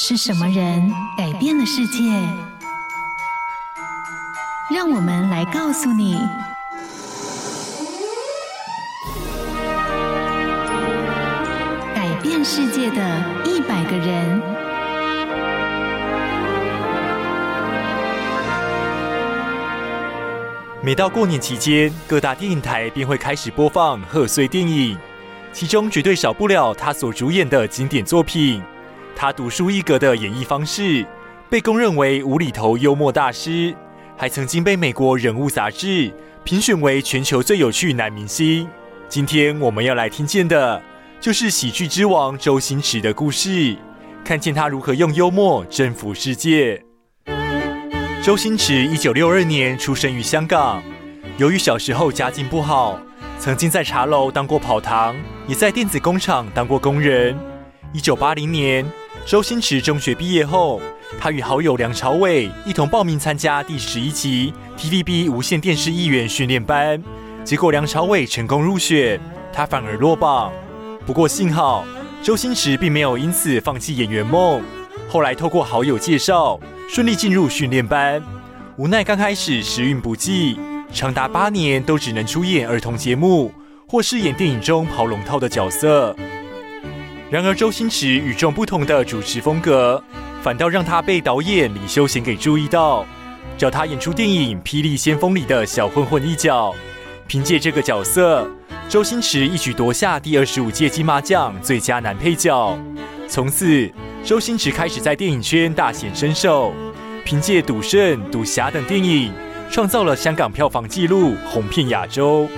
是什麼人改變了世界？讓我們來告訴你：改變世界的一百個人。每到過年期間，各大電影台便會開始播放賀歲電影，其中絕對少不了他所主演的經典作品。他獨樹一格的演繹方式，被公認為無厘頭幽默大師，還曾經被美國《人物》雜誌評選為全球最有趣男明星。今天我們要來聽見的就是喜劇之王周星馳的故事，看見他如何用幽默征服世界。周星馳一九六二年出生於香港，由於小時候家境不好，曾經在茶樓當過跑堂，也在電子工廠當過工人。一九八零年。周星馳中學畢業後，他與好友梁朝偉一同報名參加第十一期 TVB 無線電視藝員訓練班，結果梁朝偉成功入選，他反而落榜。不過幸好，周星馳並沒有因此放棄演員夢，後來透過好友介紹，順利進入訓練班。無奈剛開始時運不濟，長達八年都只能出演兒童節目或飾演電影中跑龍套的角色。然而，周星馳與眾不同的主持風格，反倒讓他被導演李修賢給注意到，找他演出電影《霹靂先鋒》裡的小混混一角。憑借這個角色，周星馳一舉奪下第二十五屆金馬獎最佳男配角。從此，周星馳開始在電影圈大顯身手，憑借《賭聖》《賭俠》等電影，創造了香港票房紀錄，紅遍亞洲。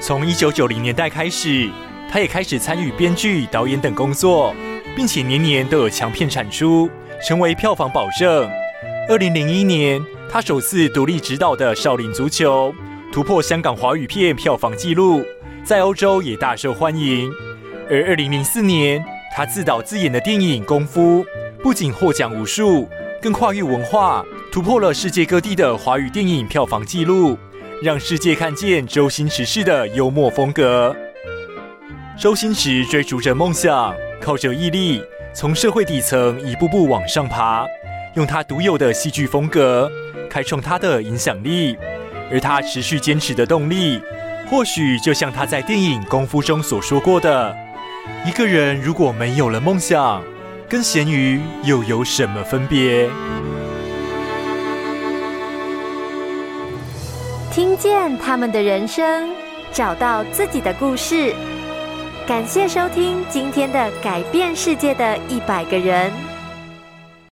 從一九九零年代開始。他也開始參與編劇、導演等工作，並且年年都有強片產出，成為票房保證。二零零一年，他首次獨立執導的《少林足球》突破香港華語片票房紀錄，在歐洲也大受歡迎。而二零零四年，他自導自演的電影《功夫》不僅獲獎無數，更跨越文化，突破了世界各地的華語電影票房紀錄，讓世界看見周星馳式的幽默風格。周星馳追逐着夢想，靠着毅力，從社會底層一步步往上爬，用他獨有的戲劇風格開創他的影響力。而他持續堅持的動力，或許就像他在電影《功夫》中所說過的：“一個人如果沒有了夢想，跟鹹魚又有什麼分別？”聽見他們的人生，找到自己的故事。感謝收聽今天的《改變世界的一百個人》。